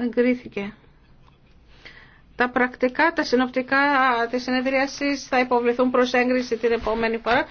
Εγκρίθηκε. Τα πρακτικά, τα συνοπτικά της συνεδρίασης θα υποβληθούν προς έγκριση την επόμενη φορά.